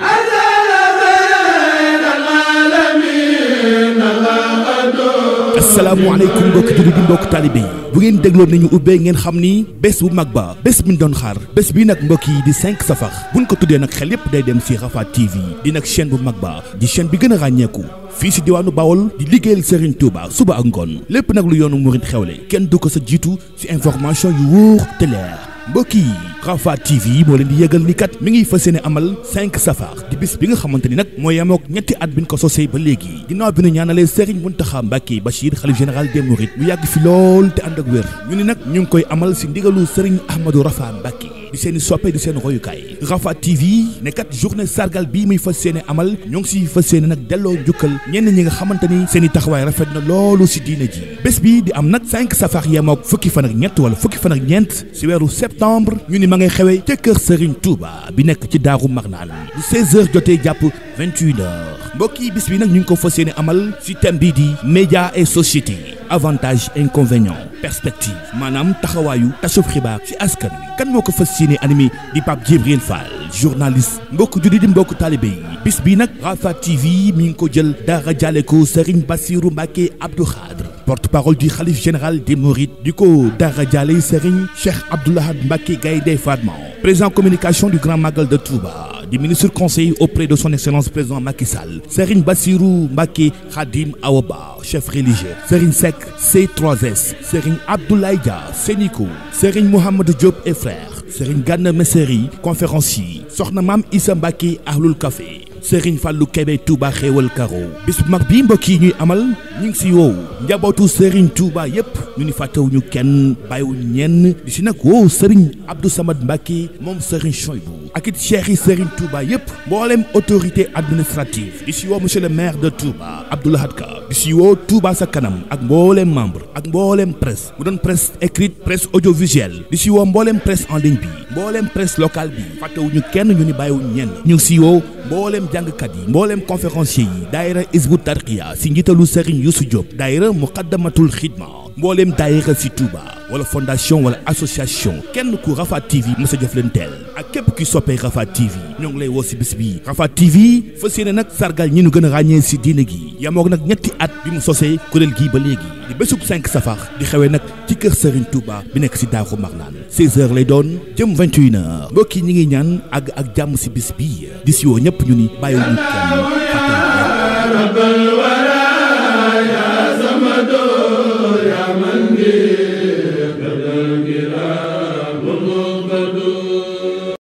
asalaamaaleykum mbokki jullit bi mbokk taalibe yi bu ngeen dégloo nañu ubbee ngeen xam ni bés bu mag ba bés bu ñu doon xaar bés bi nag mbokk yi di cinq safar buñ ko tuddee nag xel yépp day dem si Rafah TV di nag chaîne bu mag ba di chaîne bi gën a ràññeeku fii si diwaanu Bawol di liggéeyal Serigne Touba suba ak ngoon lépp nag lu yoonu murit xewle kenn du ko sa jiitu ci information yu wóor te leer mbokk yi Rafah TV moo leen di yëgal ni kat mi ngi fas yéene amal cinq safar di bis bi nga xamante ni nag moo yemook ñetti at bi ñu ko sosee ba léegi ginnaaw bi ñu ñaanalee Serigne Mountakha Mbacké Bachir xalif général des Mourides mu yàgg fi lool te ànd ak wér ñu ni nag ñu ngi koy amal si ndigalu Serigne Ahmadou Rafah Mbacké di seen i soppe di seen royukaay Rafah TV ne kat journée sargal bii muy fas yéene amal ñoo ngi siy fas yéene nag delloo njukkal ñenn ñi nga xamante ni seen i taxawaay rafet na loolu si diine ji bés bi di am nag cinq safar yemoog fukki fan ak ñett wala fukki fan ak ñeent si weeru septembre ñu ni ma ngay xewee ca kër Serigne Touba bi nekk ci Daaru Marnaan bu 16h jotee jàpp 21h mbokk yi bis bi nag ñu ngi ko fas yéene amal si thème bii di média et société avantage inconvénient perspective maanaam taxawaayu tasub xibaar ci askan kan moo ko fas yéene animé di Pape Djibril Fall journaliste mbokk julli di mbokk taalibe yi bis bi nag Rafah TV mi ngi ko jël dara jàlle ko Serigne Bassirou Mbacké Abdou Khadre porte-parole du khalife général des Mourides di ko dara jàlle Serigne Cheikh Abdoul Ahad Mbacké Gaïndé Fatma président communication du Grand Magal de Touba du ministre conseiller auprès de son excellence président Macky Sall Serigne Bassirou Mbacké Khadim Awa Ba chef religieux Serigne Seck C3S Serigne Abdoulaye Dia Sénico Serigne Mohamed Diop et frères Serigne Gana Messeri conférencier Soxna Maam Issa Mbacké Ahlul Café Serigne fàllu Kébé Touba xéewal karo bis mag bi mbokk yi ñuy amal ñu ngi si woowu njabootu Serigne Touba yépp ñu ni fàttewuñu kenn bàyyiwuñu ñenn di si nag woowu Serigne Abdou Samad Mbacké moom Serigne Choybou ak it cheikh yi Serigne Touba yépp mboolem autorité administrative di si woo monsieur le maire de Touba Abdou Lahad Ka di si woo Touba sa kanam ak mbooleem membre ak mbooleem presse mu doon presse écrite presse audiovisuelle di si woo mbooleem presse en ligne bi mbooleem presse locale bi fàttewuñu kenn ñu ni bàyyiwuñu ñenn ñu ngi si woo mbooleem jàngkat yi mboolem conférencier yi daayira isbu tarqiya si njiitalu Serigne Youssou Diop daayira muqaddamatul xidma mbooleem daayira si Touba wala fondation wala association kenn ku Rafah TV ma sa jëf leen teel ak képp kuy soppee Rafah TV ñoo ngi lay woo si bis bi Rafah TV fas yéene nag sargal ñi nu gën a ràññee si diine gi yamoog nag ñetti at bi mu sosee kuréel gii ba léegi di bésub 5 safar di xewee nag ci kër Serigne Touba bi nekk si Daaru Marnaan 16h lay doon jëm 21h mbokk yi ñi ngi ñaan àgg ak jàmm si bis bii di si woo ñëpp ñu ni bàyyiwuñu kenn